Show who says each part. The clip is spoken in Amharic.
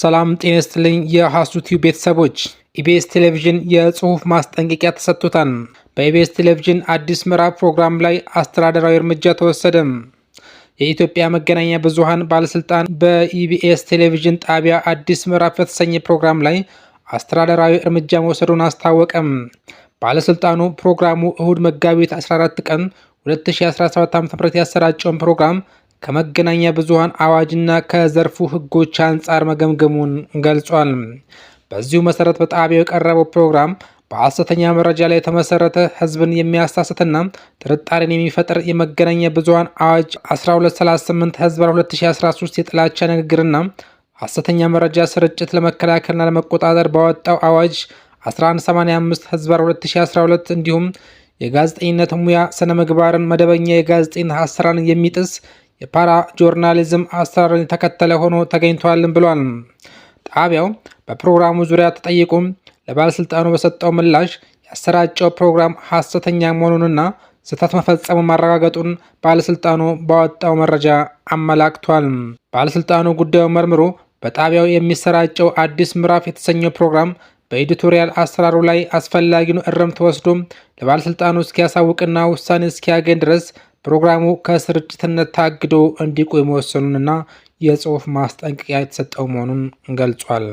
Speaker 1: ሰላም ጤና ይስጥልኝ የሀሱቲው ቤተሰቦች። ኢቢኤስ ቴሌቪዥን የጽሑፍ ማስጠንቀቂያ ተሰጥቶታል። በኢቢኤስ ቴሌቪዥን አዲስ ምዕራብ ፕሮግራም ላይ አስተዳደራዊ እርምጃ ተወሰደም። የኢትዮጵያ መገናኛ ብዙሃን ባለስልጣን በኢቢኤስ ቴሌቪዥን ጣቢያ አዲስ ምዕራፍ በተሰኘ ፕሮግራም ላይ አስተዳደራዊ እርምጃ መውሰዱን አስታወቀም። ባለስልጣኑ ፕሮግራሙ እሁድ መጋቢት 14 ቀን 2017 ም ያሰራጨውን ፕሮግራም ከመገናኛ ብዙሃን አዋጅና ከዘርፉ ህጎች አንጻር መገምገሙን ገልጿል። በዚሁ መሰረት በጣቢያው የቀረበው ፕሮግራም በሐሰተኛ መረጃ ላይ የተመሰረተ ህዝብን የሚያሳስትና ጥርጣሬን የሚፈጥር የመገናኛ ብዙሃን አዋጅ 1238 ህዝብ 2013 የጥላቻ ንግግርና ሐሰተኛ መረጃ ስርጭት ለመከላከልና ለመቆጣጠር ባወጣው አዋጅ 1185 ህዝብ 2012 እንዲሁም የጋዜጠኝነት ሙያ ስነ ምግባርን፣ መደበኛ የጋዜጠኝነት አሰራርን የሚጥስ የፓራ ጆርናሊዝም አሰራርን የተከተለ ሆኖ ተገኝቷልን ብሏል። ጣቢያው በፕሮግራሙ ዙሪያ ተጠይቁም ለባለስልጣኑ በሰጠው ምላሽ ያሰራጨው ፕሮግራም ሀሰተኛ መሆኑንና ስህተት መፈጸሙ ማረጋገጡን ባለስልጣኑ ባወጣው መረጃ አመላክቷል። ባለስልጣኑ ጉዳዩ መርምሮ በጣቢያው የሚሰራጨው አዲስ ምዕራፍ የተሰኘው ፕሮግራም በኤዲቶሪያል አሰራሩ ላይ አስፈላጊውን እረምት ወስዶ ለባለስልጣኑ እስኪያሳውቅና ውሳኔ እስኪያገኝ ድረስ ፕሮግራሙ ከስርጭትነት ታግዶ እንዲቆይ መወሰኑንና የጽሑፍ ማስጠንቀቂያ የተሰጠው መሆኑን ገልጿል።